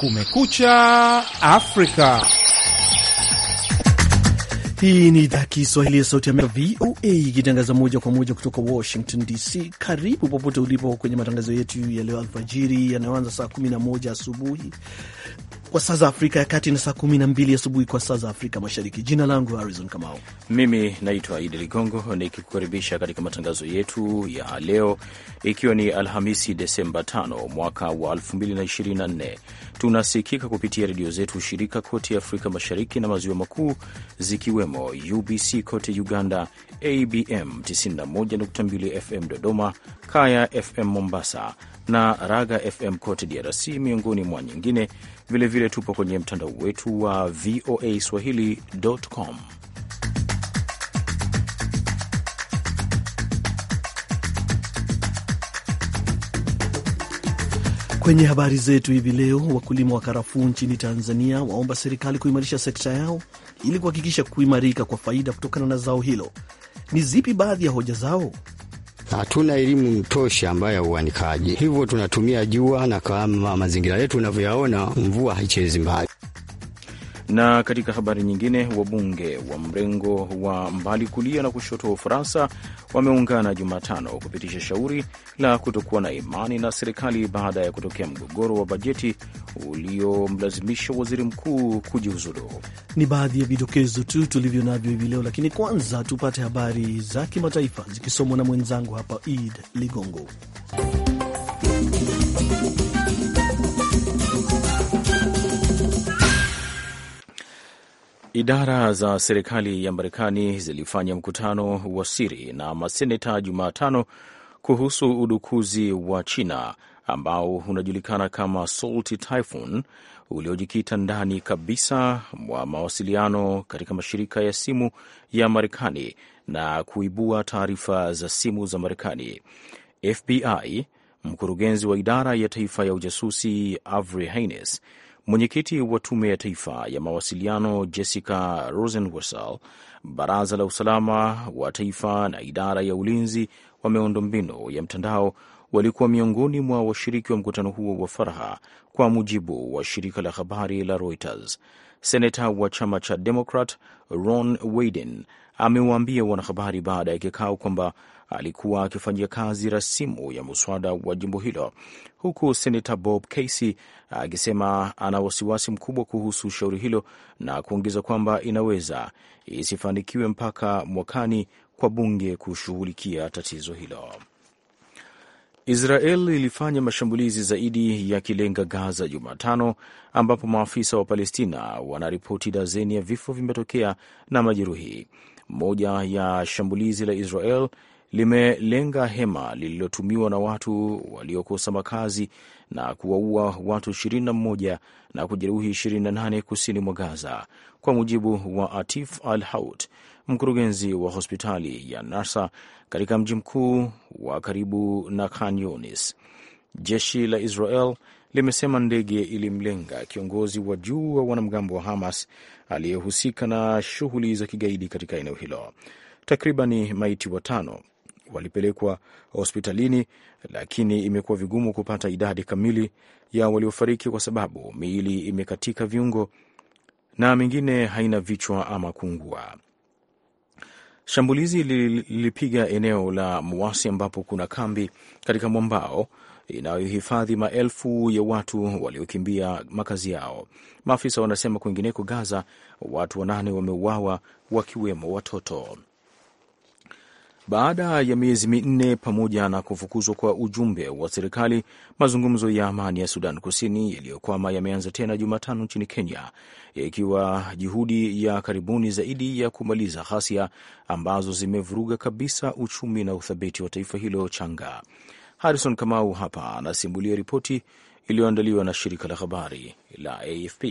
Kumekucha Afrika. Hii ni idhaa Kiswahili ya Sauti ya Amerika, VOA, ikitangaza moja kwa moja kutoka Washington DC. Karibu popote ulipo kwenye matangazo yetu ya leo alfajiri yanayoanza saa 11 asubuhi kwa saa za Afrika ya Kati na saa mbili asubuhi kwa saa za Afrika Mashariki. Jina langu Harizon Kamau, mimi naitwa Idi Ligongo nikikukaribisha katika matangazo yetu ya leo, ikiwa ni Alhamisi Desemba 5 mwaka wa 2024. Tunasikika kupitia redio zetu shirika kote Afrika Mashariki na Maziwa Makuu, zikiwemo UBC kote Uganda, ABM 91.2 FM Dodoma, Kaya FM Mombasa, na Raga FM kote DRC, miongoni mwa nyingine. Vilevile vile tupo kwenye mtandao wetu wa VOA swahili.com. Kwenye habari zetu hivi leo, wakulima wa karafuu nchini Tanzania waomba serikali kuimarisha sekta yao ili kuhakikisha kuimarika kwa faida kutokana na zao hilo. Ni zipi baadhi ya hoja zao? hatuna elimu tosha ambayo ya uanikaji, hivyo tunatumia jua, na kama mazingira yetu unavyoyaona, mvua haichezi mbali. Na katika habari nyingine, wabunge wa mrengo wa mbali kulia na kushoto wa Ufaransa wameungana Jumatano kupitisha shauri la kutokuwa na imani na serikali baada ya kutokea mgogoro wa bajeti uliomlazimisha waziri mkuu kujiuzulu. Ni baadhi ya vidokezo tu tulivyo navyo hivi leo, lakini kwanza tupate habari za kimataifa zikisomwa na mwenzangu hapa Id Ligongo. Idara za serikali ya Marekani zilifanya mkutano wa siri na maseneta Jumatano kuhusu udukuzi wa China ambao unajulikana kama Salty Typhoon uliojikita ndani kabisa mwa mawasiliano katika mashirika ya simu ya Marekani na kuibua taarifa za simu za Marekani. FBI, mkurugenzi wa idara ya taifa ya ujasusi Avery Haynes Mwenyekiti wa Tume ya Taifa ya Mawasiliano Jessica Rosenwasel, Baraza la Usalama wa Taifa na Idara ya Ulinzi wa Miundombinu ya Mtandao walikuwa miongoni mwa washiriki wa mkutano huo wa faraha, kwa mujibu wa shirika la habari la Reuters. Seneta wa chama cha Democrat Ron Wyden amewaambia wanahabari baada ya kikao kwamba alikuwa akifanyia kazi rasimu ya muswada wa jimbo hilo, huku senata Bob Casey akisema ana wasiwasi mkubwa kuhusu shauri hilo na kuongeza kwamba inaweza isifanikiwe mpaka mwakani kwa bunge kushughulikia tatizo hilo. Israel ilifanya mashambulizi zaidi yakilenga Gaza Jumatano, ambapo maafisa wa Palestina wanaripoti dazeni ya vifo vimetokea na majeruhi. Moja ya shambulizi la Israel limelenga hema lililotumiwa na watu waliokosa makazi na kuwaua watu 21 na kujeruhi 28 kusini mwa Gaza, kwa mujibu wa Atif Al Haut, mkurugenzi wa hospitali ya nasa katika mji mkuu wa karibu na Khan Jeshi la Israel limesema ndege ilimlenga kiongozi wa juu wa wanamgambo wa Hamas aliyehusika na shughuli za kigaidi katika eneo hilo. Takribani maiti watano walipelekwa hospitalini, lakini imekuwa vigumu kupata idadi kamili ya waliofariki kwa sababu miili imekatika viungo na mingine haina vichwa ama kuungua. Shambulizi lilipiga eneo la Muasi ambapo kuna kambi katika mwambao inayohifadhi maelfu ya watu waliokimbia makazi yao. Maafisa wanasema kwingineko Gaza watu wanane wameuawa wakiwemo watoto. Baada ya miezi minne pamoja na kufukuzwa kwa ujumbe wa serikali, mazungumzo ya amani ya Sudan Kusini yaliyokwama yameanza tena Jumatano nchini Kenya, ikiwa juhudi ya karibuni zaidi ya kumaliza ghasia ambazo zimevuruga kabisa uchumi na uthabiti wa taifa hilo changa. Harrison Kamau hapa anasimulia ripoti iliyoandaliwa na shirika la habari la AFP.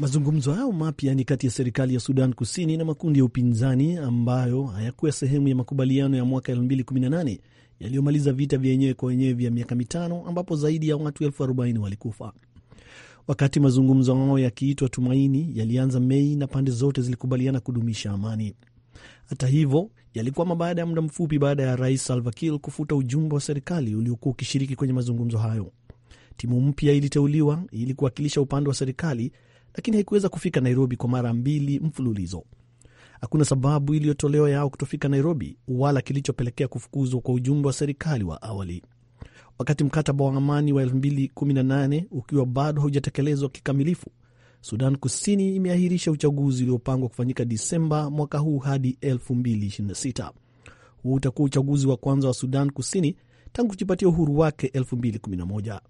Mazungumzo hayo mapya ni kati ya serikali ya Sudan Kusini na makundi ya upinzani ambayo hayakuwa sehemu ya makubaliano ya mwaka 2018 yaliyomaliza vita vya wenyewe kwa wenyewe vya miaka mitano ambapo zaidi ya watu elfu arobaini walikufa. Wakati mazungumzo hao yakiitwa Tumaini yalianza Mei na pande zote zilikubaliana kudumisha amani. Hata hivyo, yalikwama baada ya muda mfupi baada ya rais Salva Kiir kufuta ujumbe wa serikali uliokuwa ukishiriki kwenye mazungumzo hayo. Timu mpya iliteuliwa ili kuwakilisha upande wa serikali lakini haikuweza kufika Nairobi kwa mara mbili mfululizo. Hakuna sababu iliyotolewa yao kutofika Nairobi wala kilichopelekea kufukuzwa kwa ujumbe wa serikali wa awali. Wakati mkataba wa amani wa 2018 ukiwa bado haujatekelezwa kikamilifu, Sudan Kusini imeahirisha uchaguzi uliopangwa kufanyika Disemba mwaka huu hadi 2026. Huu utakuwa uchaguzi wa kwanza wa Sudan Kusini tangu kujipatia uhuru wake 2011.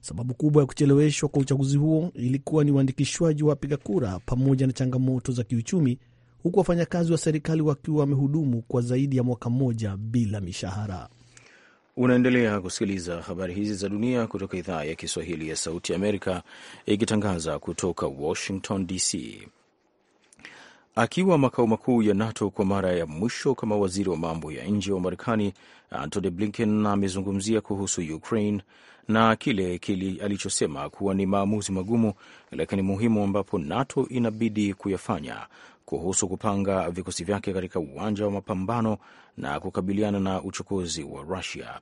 Sababu kubwa ya kucheleweshwa kwa uchaguzi huo ilikuwa ni uandikishwaji wa wapiga kura pamoja na changamoto za kiuchumi, huku wafanyakazi wa serikali wakiwa wamehudumu kwa zaidi ya mwaka mmoja bila mishahara. Unaendelea kusikiliza habari hizi za dunia kutoka idhaa ya Kiswahili ya Sauti ya Amerika, ikitangaza kutoka Washington DC. Akiwa makao makuu ya NATO kwa mara ya mwisho kama waziri wa mambo ya nje wa Marekani, Antony Blinken amezungumzia kuhusu Ukraine na kile kili alichosema kuwa ni maamuzi magumu lakini muhimu ambapo NATO inabidi kuyafanya kuhusu kupanga vikosi vyake katika uwanja wa mapambano na kukabiliana na uchokozi wa Rusia.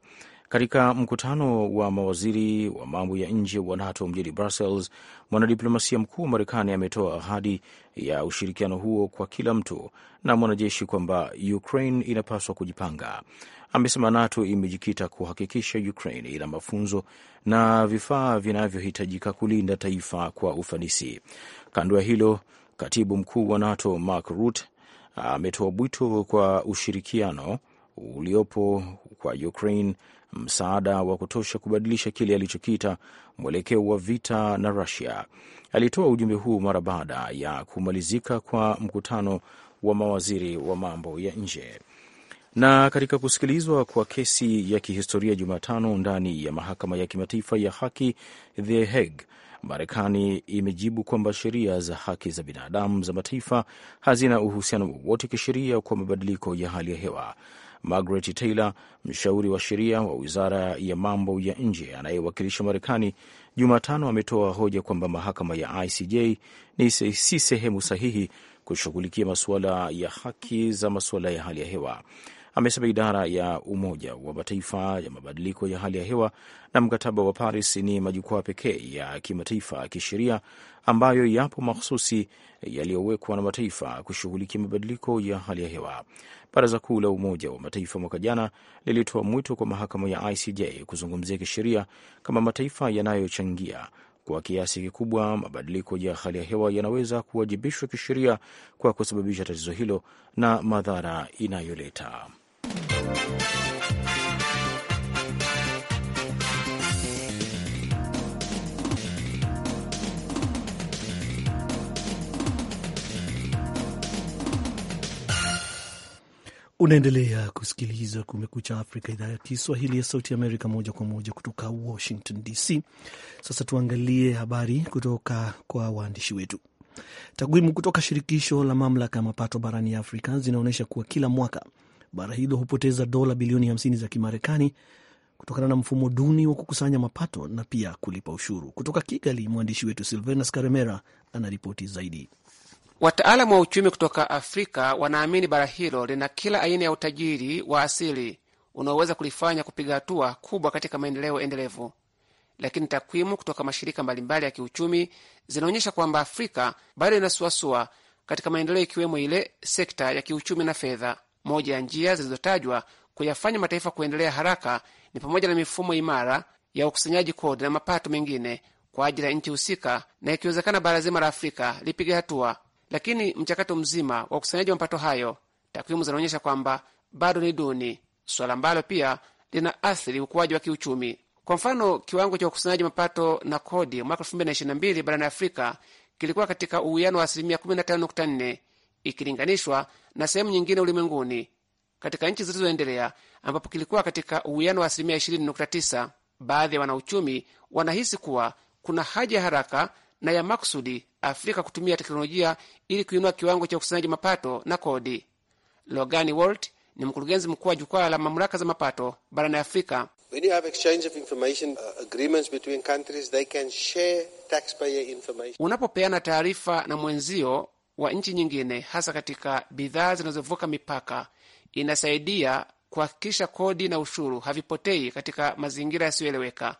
Katika mkutano wa mawaziri wa mambo ya nje wa NATO mjini Brussels, mwanadiplomasia mkuu wa Marekani ametoa ahadi ya ushirikiano huo kwa kila mtu na mwanajeshi kwamba Ukraine inapaswa kujipanga. Amesema NATO imejikita kuhakikisha Ukraine ina mafunzo na vifaa vinavyohitajika kulinda taifa kwa ufanisi. Kando ya hilo, katibu mkuu wa NATO Mark Rutte ametoa bwito kwa ushirikiano uliopo kwa Ukraine msaada wa kutosha kubadilisha kile alichokiita mwelekeo wa vita na Rusia. Alitoa ujumbe huu mara baada ya kumalizika kwa mkutano wa mawaziri wa mambo ya nje. Na katika kusikilizwa kwa kesi ya kihistoria Jumatano ndani ya mahakama ya kimataifa ya haki The Hague, Marekani imejibu kwamba sheria za haki za binadamu za mataifa hazina uhusiano wowote kisheria kwa mabadiliko ya hali ya hewa. Margaret Taylor, mshauri wa sheria wa wizara ya mambo ya nje anayewakilisha Marekani, Jumatano ametoa hoja kwamba mahakama ya ICJ ni si sehemu sahihi kushughulikia masuala ya haki za masuala ya hali ya hewa amesema idara ya Umoja wa Mataifa ya mabadiliko ya hali ya hewa na mkataba wa Paris ni majukwaa pekee ya kimataifa ya kisheria ambayo yapo mahususi yaliyowekwa na mataifa kushughulikia mabadiliko ya hali ya hewa. Baraza Kuu la Umoja wa Mataifa mwaka jana lilitoa mwito kwa mahakama ya ICJ kuzungumzia kisheria kama mataifa yanayochangia kwa kiasi kikubwa mabadiliko ya hali ya hewa yanaweza kuwajibishwa kisheria kwa kusababisha tatizo hilo na madhara inayoleta. Unaendelea kusikiliza Kumekucha Afrika, idhaa ya Kiswahili ya Sauti Amerika, moja kwa moja kutoka Washington DC. Sasa tuangalie habari kutoka kwa waandishi wetu. Takwimu kutoka shirikisho la mamlaka ya mapato barani Afrika zinaonyesha kuwa kila mwaka bara hilo hupoteza dola bilioni 50 za Kimarekani kutokana na mfumo duni wa kukusanya mapato na pia kulipa ushuru. Kutoka Kigali, mwandishi wetu Silvanus Karemera anaripoti zaidi. Wataalamu wa uchumi kutoka Afrika wanaamini bara hilo lina kila aina ya utajiri wa asili unaoweza kulifanya kupiga hatua kubwa katika maendeleo endelevu, lakini takwimu kutoka mashirika mbalimbali ya kiuchumi zinaonyesha kwamba Afrika bado inasuasua katika maendeleo, ikiwemo ile sekta ya kiuchumi na fedha. Moja ya njia zilizotajwa kuyafanya mataifa kuendelea haraka ni pamoja na mifumo imara ya ukusanyaji kodi na mapato mengine kwa ajili ya nchi husika, na ikiwezekana bara zima la Afrika lipige hatua. Lakini mchakato mzima wa ukusanyaji wa mapato hayo, takwimu zinaonyesha kwamba bado ni duni, suala ambalo pia lina athiri ukuaji wa kiuchumi. Kwa mfano, kiwango cha ukusanyaji mapato na kodi mwaka 2022 barani Afrika kilikuwa katika uwiano wa asilimia 15.4 ikilinganishwa na sehemu nyingine ulimwenguni katika nchi zilizoendelea ambapo kilikuwa katika uwiano wa asilimia 20.9. Baadhi ya wanauchumi wanahisi kuwa kuna haja ya haraka na ya makusudi Afrika kutumia teknolojia ili kuinua kiwango cha ukusanyaji mapato na kodi. Logani Walt ni mkurugenzi mkuu wa jukwaa la mamlaka za mapato barani Afrika. Uh, Unapopeana taarifa na mwenzio wa nchi nyingine, hasa katika bidhaa zinazovuka mipaka, inasaidia kuhakikisha kodi na ushuru havipotei katika mazingira yasiyoeleweka.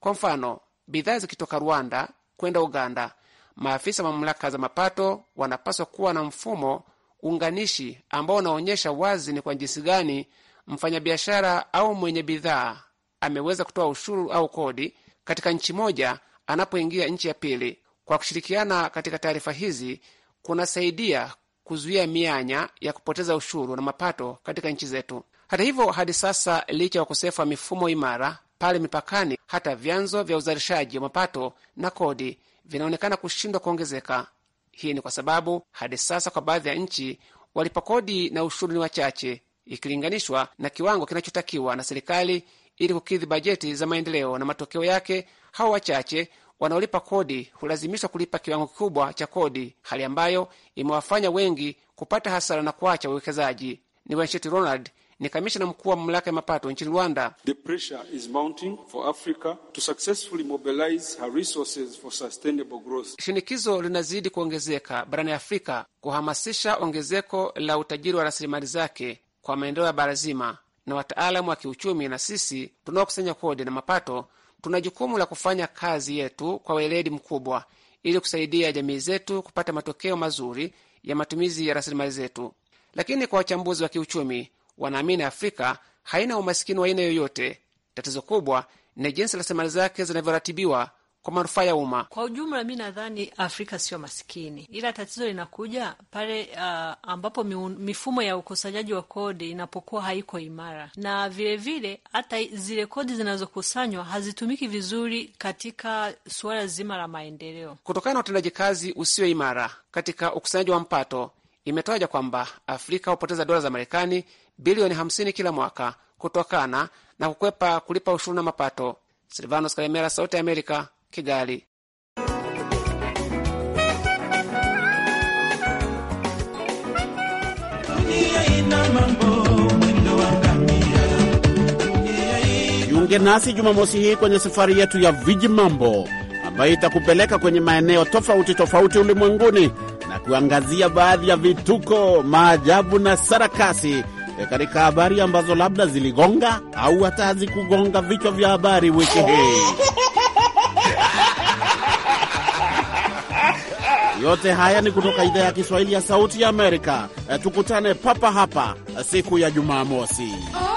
Kwa mfano, bidhaa zikitoka Rwanda kwenda Uganda, maafisa wa mamlaka za mapato wanapaswa kuwa na mfumo unganishi ambao unaonyesha wazi ni kwa jinsi gani mfanyabiashara au mwenye bidhaa ameweza kutoa ushuru au kodi katika nchi moja anapoingia nchi ya pili. Kwa kushirikiana katika taarifa hizi, kunasaidia kuzuia mianya ya kupoteza ushuru na mapato katika nchi zetu. Hata hivyo, hadi sasa, licha ya ukosefu wa mifumo imara pale mipakani, hata vyanzo vya uzalishaji wa mapato na kodi vinaonekana kushindwa kuongezeka. Hii ni kwa sababu hadi sasa, kwa baadhi ya nchi, walipa kodi na ushuru ni wachache ikilinganishwa na kiwango kinachotakiwa na serikali ili kukidhi bajeti za maendeleo, na matokeo yake hao wachache wanaolipa kodi hulazimishwa kulipa kiwango kikubwa cha kodi, hali ambayo imewafanya wengi kupata hasara na kuacha uwekezaji. Ni Wenshiti Ronald ni kamishina mkuu wa mamlaka ya mapato nchini Rwanda. Shinikizo linazidi kuongezeka barani Afrika kuhamasisha ongezeko la utajiri wa rasilimali zake kwa maendeleo ya bara zima, na wataalamu wa kiuchumi na sisi tunaokusanya kodi na mapato Tuna jukumu la kufanya kazi yetu kwa weledi mkubwa ili kusaidia jamii zetu kupata matokeo mazuri ya matumizi ya rasilimali zetu. Lakini kwa wachambuzi wa kiuchumi, wanaamini Afrika haina umasikini wa aina yoyote. Tatizo kubwa ni jinsi rasilimali zake zinavyoratibiwa kwa manufaa ya umma kwa ujumla. Mi nadhani Afrika sio masikini ila tatizo linakuja pale uh, ambapo mifumo ya ukusanyaji wa kodi inapokuwa haiko imara, na vilevile hata vile, zile kodi zinazokusanywa hazitumiki vizuri katika suala zima la maendeleo, kutokana na utendaji kazi usio imara katika ukusanyaji wa mpato. Imetaja kwamba Afrika hupoteza dola za Marekani bilioni 50 kila mwaka kutokana na kukwepa kulipa ushuru na mapato. Silvanos Kalemera, Sauti ya Amerika, Kigali. Jiunge nasi Jumamosi hii kwenye safari yetu ya viji mambo ambayo itakupeleka kwenye maeneo tofauti tofauti ulimwenguni na kuangazia baadhi ya vituko, maajabu na sarakasi eh, katika habari ambazo labda ziligonga au hata hazikugonga vichwa vya habari wiki hii. Yote haya ni kutoka idhaa ya Kiswahili ya Sauti ya Amerika. Eh, tukutane papa hapa eh, siku ya Jumamosi. Oh,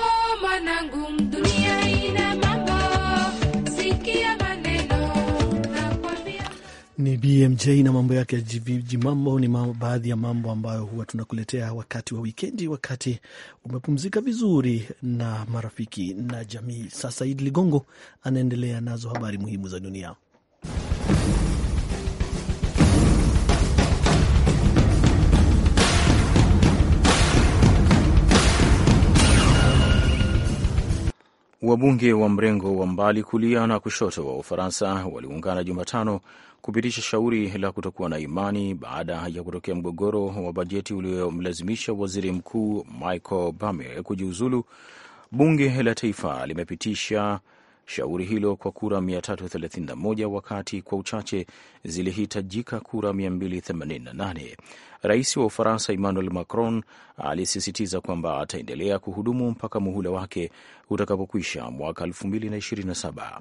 ni BMJ na mambo yake ya jiji mambo. Ni mambo, baadhi ya mambo ambayo huwa tunakuletea wakati wa wikendi, wakati umepumzika vizuri na marafiki na jamii. Sasa Idi Ligongo anaendelea nazo habari muhimu za dunia. Wabunge wa mrengo wa mbali kulia na kushoto wa Ufaransa waliungana Jumatano kupitisha shauri la kutokuwa na imani baada ya kutokea mgogoro wa bajeti uliomlazimisha waziri mkuu Michael Bame kujiuzulu. Bunge la Taifa limepitisha shauri hilo kwa kura 331 wakati kwa uchache zilihitajika kura 288. Rais wa Ufaransa Emmanuel Macron alisisitiza kwamba ataendelea kuhudumu mpaka muhula wake utakapokwisha mwaka 2027.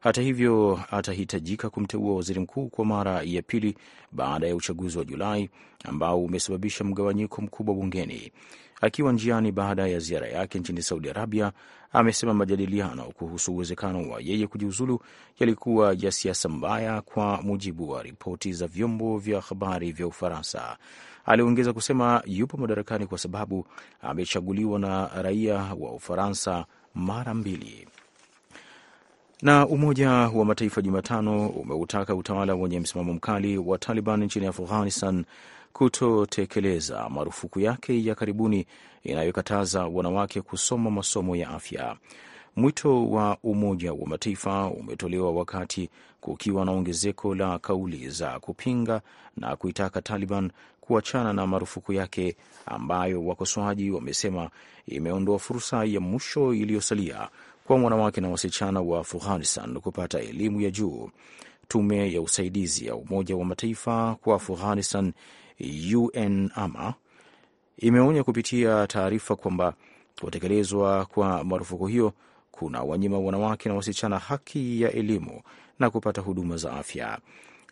Hata hivyo, atahitajika kumteua waziri mkuu kwa mara ya pili baada ya uchaguzi wa Julai ambao umesababisha mgawanyiko mkubwa bungeni. Akiwa njiani baada ya ziara yake nchini Saudi Arabia, amesema majadiliano kuhusu uwezekano wa yeye kujiuzulu yalikuwa ya siasa mbaya, kwa mujibu wa ripoti za vyombo vya habari vya Ufaransa. Aliongeza kusema yupo madarakani kwa sababu amechaguliwa na raia wa Ufaransa mara mbili. Na Umoja wa Mataifa Jumatano umeutaka utawala wenye msimamo mkali wa Taliban nchini Afghanistan kutotekeleza marufuku yake ya karibuni inayokataza wanawake kusoma masomo ya afya. Mwito wa Umoja wa Mataifa umetolewa wakati kukiwa na ongezeko la kauli za kupinga na kuitaka Taliban kuachana na marufuku yake ambayo wakosoaji wamesema imeondoa fursa ya mwisho iliyosalia kwa wanawake na wasichana wa Afghanistan kupata elimu ya juu. Tume ya usaidizi ya Umoja wa Mataifa kwa Afghanistan UNAMA imeonya kupitia taarifa kwamba kutekelezwa kwa marufuku hiyo kuna wanyima wanawake na wasichana haki ya elimu na kupata huduma za afya.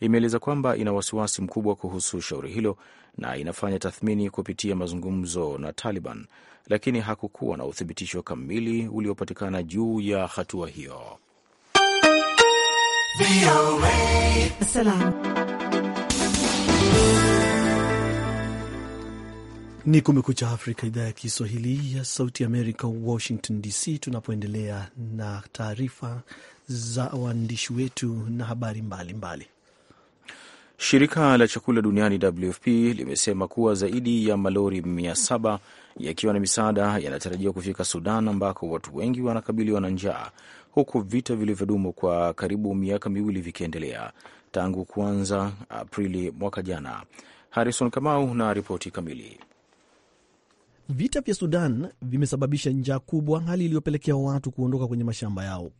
Imeeleza kwamba ina wasiwasi mkubwa kuhusu shauri hilo na inafanya tathmini kupitia mazungumzo na Taliban, lakini hakukuwa na uthibitisho kamili uliopatikana juu ya hatua hiyo. Ni Kumekucha Afrika, idhaa ya Kiswahili ya Sauti Amerika, Washington DC, tunapoendelea na taarifa za waandishi wetu na habari mbalimbali mbali. Shirika la chakula duniani WFP limesema kuwa zaidi ya malori 700 yakiwa na misaada yanatarajiwa kufika Sudan ambako watu wengi wanakabiliwa na njaa huku vita vilivyodumu kwa karibu miaka miwili vikiendelea tangu kuanza Aprili mwaka jana. Harrison Kamau na ripoti kamili. Vita vya Sudan vimesababisha njaa kubwa, hali iliyopelekea watu kuondoka kwenye mashamba yao.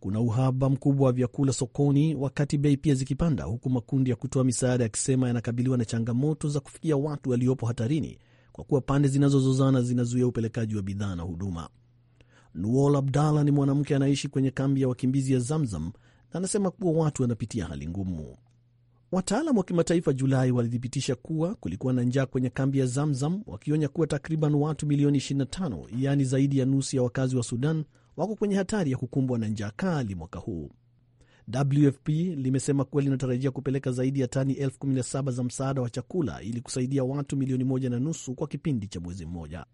Kuna uhaba mkubwa wa vyakula sokoni, wakati bei pia zikipanda, huku makundi ya kutoa misaada yakisema yanakabiliwa na changamoto za kufikia watu waliopo hatarini, kwa kuwa pande zinazozozana zinazuia upelekaji wa bidhaa na huduma. Nuol Abdalla ni mwanamke anaishi kwenye kambi ya wakimbizi ya Zamzam na anasema kuwa watu wanapitia hali ngumu. Wataalam wa kimataifa Julai walithibitisha kuwa kulikuwa na njaa kwenye kambi ya Zamzam, wakionya kuwa takriban watu milioni 25, yaani zaidi ya nusu ya wakazi wa Sudan, wako kwenye hatari ya kukumbwa na njaa kali mwaka huu. WFP limesema kuwa linatarajia kupeleka zaidi ya tani elfu 17 za msaada wa chakula ili kusaidia watu milioni moja na nusu kwa kipindi cha mwezi mmoja.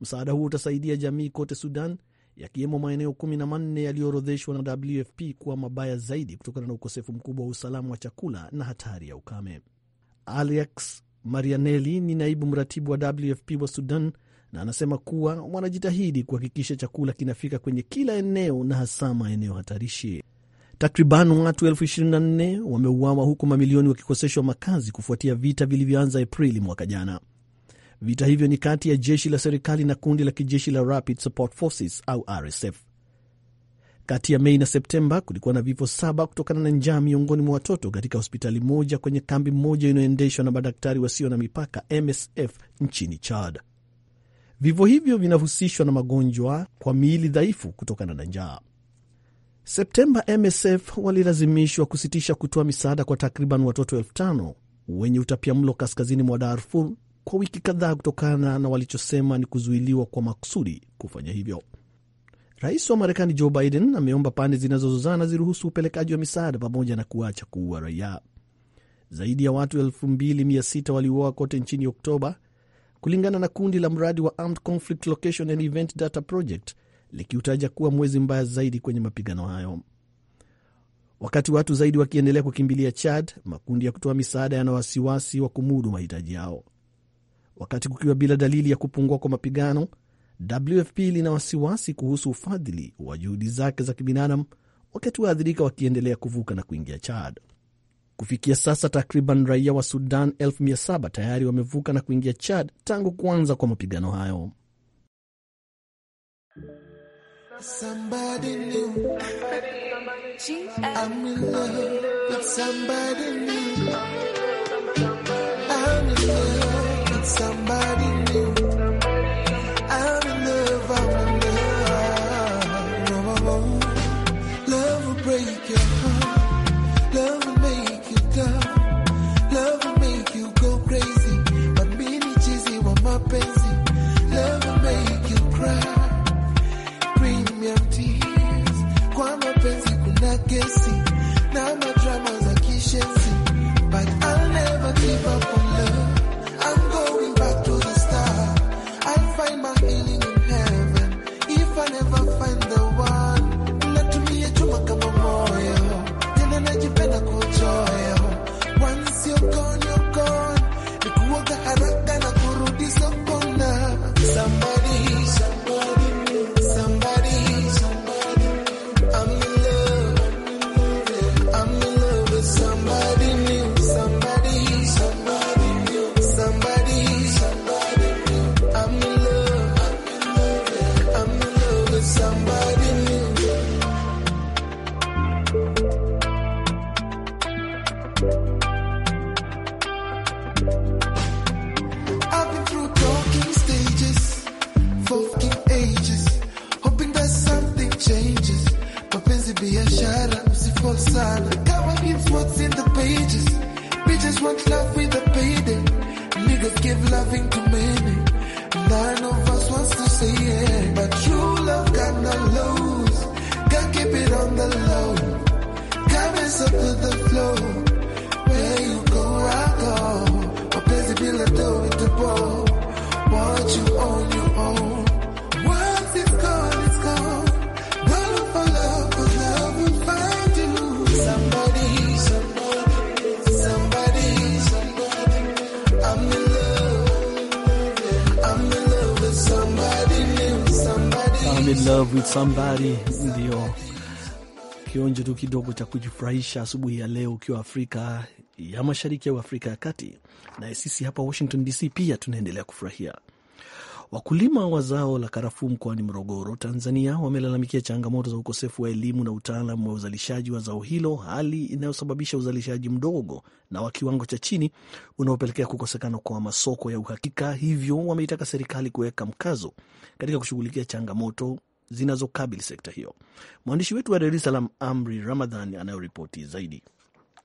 Msaada huo utasaidia jamii kote Sudan yakiwemo maeneo kumi na manne yaliyoorodheshwa na WFP kuwa mabaya zaidi kutokana na ukosefu mkubwa wa usalama wa chakula na hatari ya ukame. Alex Marianelli ni naibu mratibu wa WFP wa Sudan na anasema kuwa wanajitahidi kuhakikisha chakula kinafika kwenye kila eneo na hasa maeneo hatarishi. Takriban watu elfu wameuawa huku mamilioni wakikoseshwa makazi kufuatia vita vilivyoanza Aprili mwaka jana. Vita hivyo ni kati ya jeshi la serikali na kundi la kijeshi la Rapid Support Forces au RSF. Kati ya Mei na Septemba kulikuwa na vifo saba kutokana na njaa miongoni mwa watoto katika hospitali moja kwenye kambi moja inayoendeshwa na madaktari wasio na mipaka MSF nchini Chad. Vifo hivyo vinahusishwa na magonjwa kwa miili dhaifu kutokana na njaa. Septemba, MSF walilazimishwa kusitisha kutoa misaada kwa takriban watoto elfu tano wenye utapiamlo kaskazini mwa Darfur kwa wiki kadhaa kutokana na walichosema ni kuzuiliwa kwa makusudi kufanya hivyo. Rais wa Marekani Joe Biden ameomba pande zinazozozana ziruhusu upelekaji wa misaada pamoja na kuacha kuua raia. Zaidi ya watu 2600 waliuawa kote nchini Oktoba, kulingana na kundi la mradi wa Armed Conflict Location and Event Data Project, likiutaja kuwa mwezi mbaya zaidi kwenye mapigano hayo. Wakati watu zaidi wakiendelea kukimbilia Chad, makundi ya kutoa misaada yana wasiwasi wa kumudu mahitaji yao. Wakati kukiwa bila dalili ya kupungua kwa mapigano, WFP lina wasiwasi kuhusu ufadhili wa juhudi zake za kibinadamu, wakati waathirika wakiendelea kuvuka na kuingia Chad. Kufikia sasa takriban raia wa Sudan 7 tayari wamevuka na kuingia Chad tangu kuanza kwa mapigano hayo. somebody love with somebody ndio kionjo tu kidogo cha kujifurahisha asubuhi ya leo, ukiwa Afrika ya Mashariki au Afrika ya Kati. Naye sisi hapa Washington DC pia tunaendelea kufurahia. Wakulima wa zao la karafuu mkoani Morogoro, Tanzania, wamelalamikia changamoto za ukosefu wa elimu na utaalam wa uzalishaji wa zao hilo, hali inayosababisha uzalishaji mdogo na wa kiwango cha chini unaopelekea kukosekana kwa masoko ya uhakika. Hivyo wameitaka serikali kuweka mkazo katika kushughulikia changamoto zinazokabili sekta hiyo. Mwandishi wetu wa Dar es Salaam, Amri Ramadhan, anayoripoti zaidi.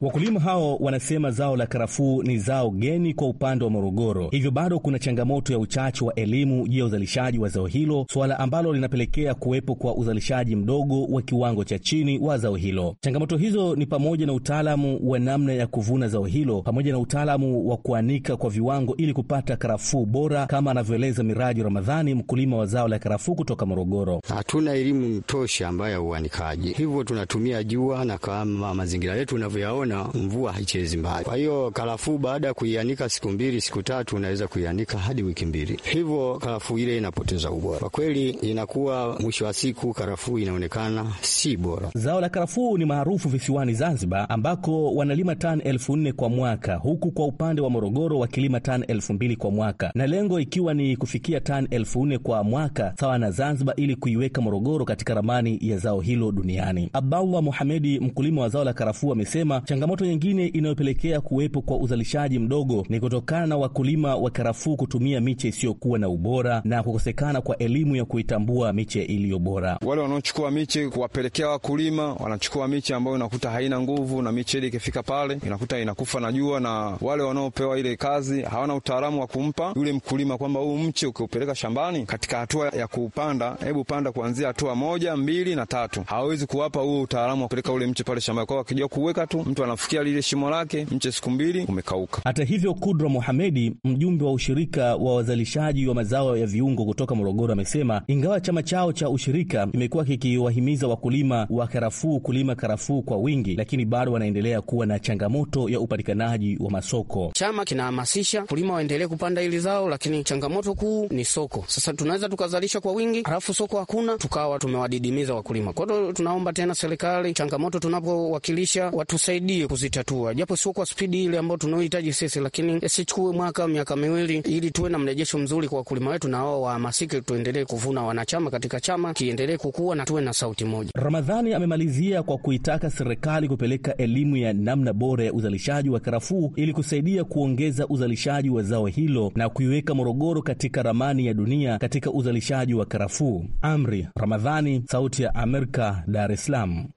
Wakulima hao wanasema zao la karafuu ni zao geni kwa upande wa Morogoro, hivyo bado kuna changamoto ya uchache wa elimu juu ya uzalishaji wa zao hilo, suala ambalo linapelekea kuwepo kwa uzalishaji mdogo wa kiwango cha chini wa zao hilo. Changamoto hizo ni pamoja na utaalamu wa namna ya kuvuna zao hilo pamoja na utaalamu wa kuanika kwa viwango ili kupata karafuu bora, kama anavyoeleza Miraji Ramadhani, mkulima wa zao la karafuu kutoka Morogoro. Hatuna elimu tosha ambayo ya uanikaji, hivyo tunatumia jua na kama mazingira yetu unavyoyaona unaona mvua haichezi mbali. Kwa hiyo karafuu baada ya kuianika siku mbili siku tatu, unaweza kuianika hadi wiki mbili, hivyo karafuu ile inapoteza ubora. Kwa kweli, inakuwa mwisho wa siku karafuu inaonekana si bora. Zao la karafuu ni maarufu visiwani Zanzibar, ambako wanalima tani elfu nne kwa mwaka, huku kwa upande wa Morogoro wakilima tani elfu mbili kwa mwaka, na lengo ikiwa ni kufikia tani elfu nne kwa mwaka sawa na Zanzibar, ili kuiweka Morogoro katika ramani ya zao hilo duniani. Abdallah Muhamedi, mkulima wa zao la karafuu, amesema Changamoto nyingine inayopelekea kuwepo kwa uzalishaji mdogo ni kutokana na wakulima wa karafuu kutumia miche isiyokuwa na ubora na kukosekana kwa elimu ya kuitambua miche iliyo bora. Wale wanaochukua miche kuwapelekea wakulima, wanachukua miche ambayo inakuta haina nguvu, na miche ile ikifika pale inakuta inakufa na jua, na wale wanaopewa ile kazi hawana utaalamu wa kumpa yule mkulima kwamba huu mche ukiupeleka shambani katika hatua ya kuupanda, hebu panda kuanzia hatua moja, mbili na tatu. Hawawezi kuwapa huo utaalamu wa kupeleka ule mche pale shambani kwao, wakija kuweka tu mtu anafikia lile shimo lake, mche siku mbili umekauka. Hata hivyo, Kudra muhamedi mjumbe wa ushirika wa wazalishaji wa mazao ya viungo kutoka Morogoro, amesema ingawa chama chao cha ushirika kimekuwa kikiwahimiza wakulima wa karafuu kulima karafuu kwa wingi, lakini bado wanaendelea kuwa na changamoto ya upatikanaji wa masoko. Chama kinahamasisha kulima waendelee kupanda hili zao, lakini changamoto kuu ni soko. Sasa tunaweza tukazalisha kwa wingi, halafu soko hakuna, tukawa tumewadidimiza wakulima. Kwa hiyo tunaomba tena serikali, changamoto tunapowakilisha, watusaidie kuzitatua, japo sio kwa spidi ile ambayo tunaohitaji sisi, lakini sichukue mwaka miaka miwili, ili tuwe na mrejesho mzuri kwa wakulima wetu, na wao wahamasike, tuendelee kuvuna wanachama katika chama, kiendelee kukua na tuwe na sauti moja. Ramadhani amemalizia kwa kuitaka serikali kupeleka elimu ya namna bora ya uzalishaji wa karafuu ili kusaidia kuongeza uzalishaji wa zao hilo na kuiweka Morogoro katika ramani ya dunia katika uzalishaji wa karafuu. Amri Ramadhani, Sauti ya Amerika, Dar es Salaam.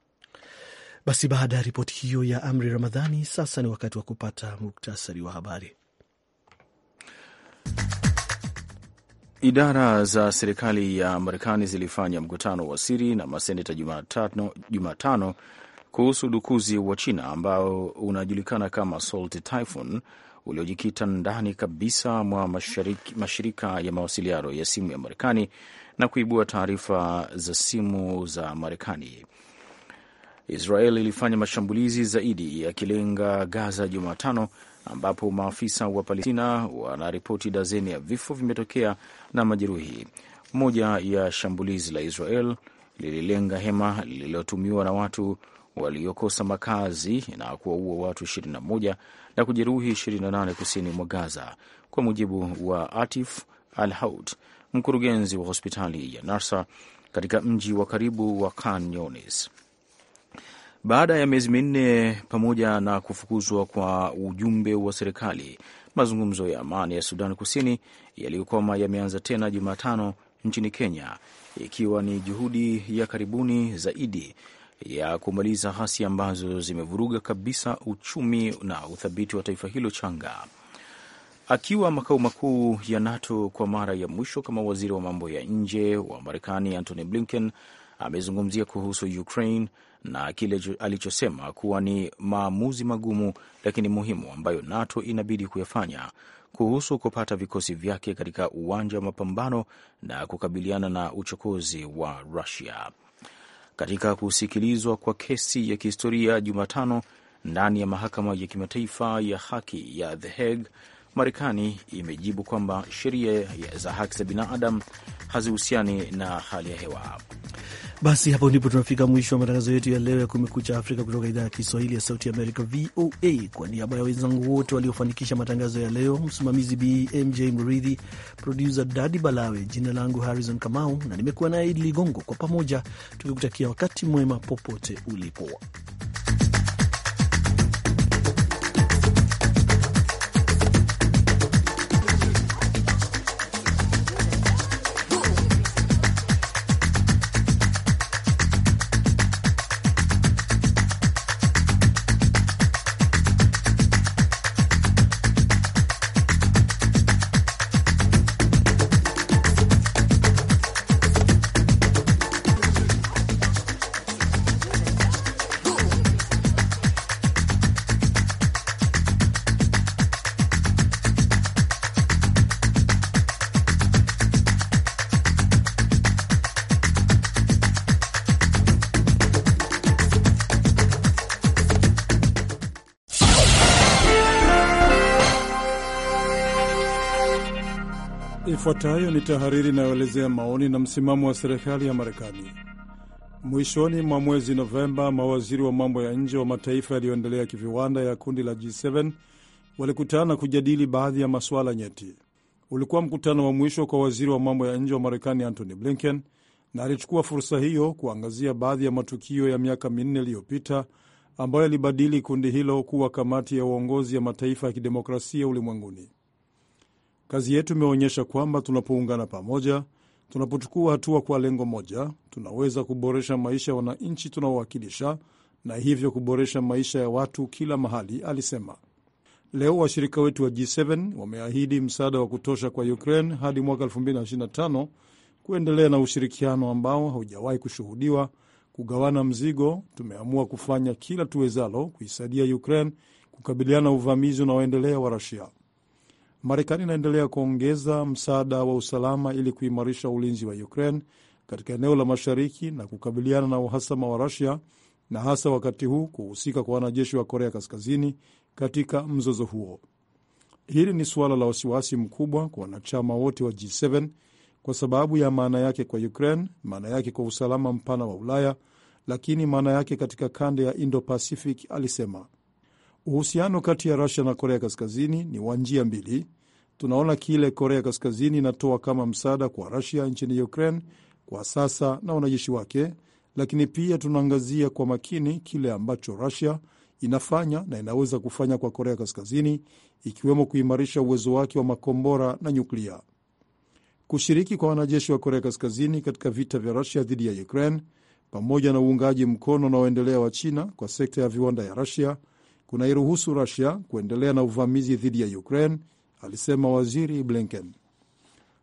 Basi baada ya ripoti hiyo ya Amri Ramadhani, sasa ni wakati wa kupata muktasari wa habari. Idara za serikali ya Marekani zilifanya mkutano wa siri na maseneta Jumatano, Jumatano kuhusu udukuzi wa China ambao unajulikana kama Salt Typhoon uliojikita ndani kabisa mwa mashirika, mashirika ya mawasiliano ya simu ya Marekani na kuibua taarifa za simu za Marekani. Israel ilifanya mashambulizi zaidi yakilenga Gaza Jumatano, ambapo maafisa wa Palestina wanaripoti dazeni ya vifo vimetokea na majeruhi. Moja ya shambulizi la Israel lililenga hema lililotumiwa na watu waliokosa makazi na kuwaua watu 21 na kujeruhi 28 kusini mwa Gaza, kwa mujibu wa Atif Al Haut, mkurugenzi wa hospitali ya Narsa katika mji wa karibu wa Khan Younis. Baada ya miezi minne pamoja na kufukuzwa kwa ujumbe wa serikali, mazungumzo ya amani ya Sudan Kusini yaliyokwama yameanza tena Jumatano nchini Kenya, ikiwa ni juhudi ya karibuni zaidi ya kumaliza ghasia ambazo zimevuruga kabisa uchumi na uthabiti wa taifa hilo changa. Akiwa makao makuu ya NATO kwa mara ya mwisho kama waziri wa mambo ya nje wa Marekani, Antony Blinken amezungumzia kuhusu Ukraine na kile alichosema kuwa ni maamuzi magumu lakini muhimu ambayo NATO inabidi kuyafanya kuhusu kupata vikosi vyake katika uwanja wa mapambano na kukabiliana na uchokozi wa Rusia. Katika kusikilizwa kwa kesi ya kihistoria Jumatano ndani ya mahakama ya kimataifa ya haki ya The Hague, Marekani imejibu kwamba sheria za haki za binadamu hazihusiani na hali ya hewa. Basi hapo ndipo tunafika mwisho wa matangazo yetu ya leo ya Kumekucha Afrika kutoka idhaa ya Kiswahili ya Sauti Amerika, VOA. Kwa niaba ya wenzangu wote waliofanikisha matangazo ya leo, msimamizi BMJ Mridhi, produsa Dadi Balawe, jina langu Harrison Kamau na nimekuwa naye Idi Ligongo, kwa pamoja tukikutakia wakati mwema popote ulipo. Ifuatayo ni tahariri inayoelezea maoni na msimamo wa serikali ya Marekani. Mwishoni mwa mwezi Novemba, mawaziri wa mambo ya nje wa mataifa yaliyoendelea kiviwanda ya kundi la G7 walikutana kujadili baadhi ya masuala nyeti. Ulikuwa mkutano wa mwisho kwa waziri wa mambo ya nje wa Marekani Antony Blinken, na alichukua fursa hiyo kuangazia baadhi ya matukio ya miaka minne iliyopita ambayo yalibadili kundi hilo kuwa kamati ya uongozi ya mataifa ya kidemokrasia ulimwenguni. Kazi yetu imeonyesha kwamba tunapoungana pamoja, tunapochukua hatua kwa lengo moja, tunaweza kuboresha maisha ya wananchi tunaowakilisha na hivyo kuboresha maisha ya watu kila mahali, alisema. Leo washirika wetu wa G7 wameahidi msaada wa kutosha kwa Ukraine hadi mwaka 2025 kuendelea na ushirikiano ambao haujawahi kushuhudiwa. Kugawana mzigo, tumeamua kufanya kila tuwezalo kuisaidia Ukraine kukabiliana na uvamizi unaoendelea wa Rusia. Marekani inaendelea kuongeza msaada wa usalama ili kuimarisha ulinzi wa Ukraine katika eneo la mashariki na kukabiliana na uhasama wa Rusia na hasa wakati huu kuhusika kwa wanajeshi wa Korea Kaskazini katika mzozo huo. Hili ni suala la wasiwasi mkubwa kwa wanachama wote wa G7 kwa sababu ya maana yake kwa Ukraine, maana yake kwa usalama mpana wa Ulaya, lakini maana yake katika kanda ya Indo-Pacific, alisema. Uhusiano kati ya Rusia na Korea Kaskazini ni wa njia mbili. Tunaona kile Korea Kaskazini inatoa kama msaada kwa Rusia nchini Ukraine kwa sasa na wanajeshi wake, lakini pia tunaangazia kwa makini kile ambacho Rusia inafanya na inaweza kufanya kwa Korea Kaskazini, ikiwemo kuimarisha uwezo wake wa makombora na nyuklia. Kushiriki kwa wanajeshi wa Korea Kaskazini katika vita vya Rusia dhidi ya Ukraine pamoja na uungaji mkono unaoendelea wa China kwa sekta ya viwanda ya Rusia kunairuhusu Rusia kuendelea na uvamizi dhidi ya Ukraine, alisema Waziri Blinken.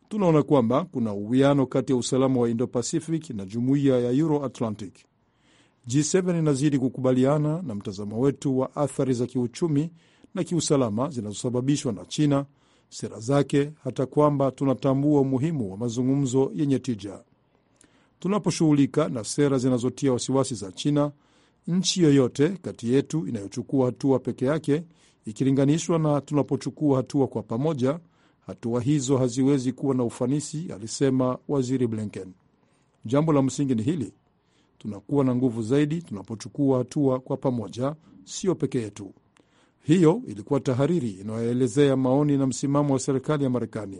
Tunaona kwamba kuna uwiano kati ya usalama wa Indo-Pacific na jumuiya ya Euro-Atlantic. G7 inazidi kukubaliana na mtazamo wetu wa athari za kiuchumi na kiusalama zinazosababishwa na China, sera zake, hata kwamba tunatambua umuhimu wa mazungumzo yenye tija. Tunaposhughulika na sera zinazotia wasiwasi za China, nchi yoyote kati yetu inayochukua hatua peke yake ikilinganishwa na tunapochukua hatua kwa pamoja, hatua hizo haziwezi kuwa na ufanisi, alisema Waziri Blinken. Jambo la msingi ni hili, tunakuwa na nguvu zaidi tunapochukua hatua kwa pamoja, sio peke yetu. Hiyo ilikuwa tahariri inayoelezea maoni na msimamo wa serikali ya Marekani.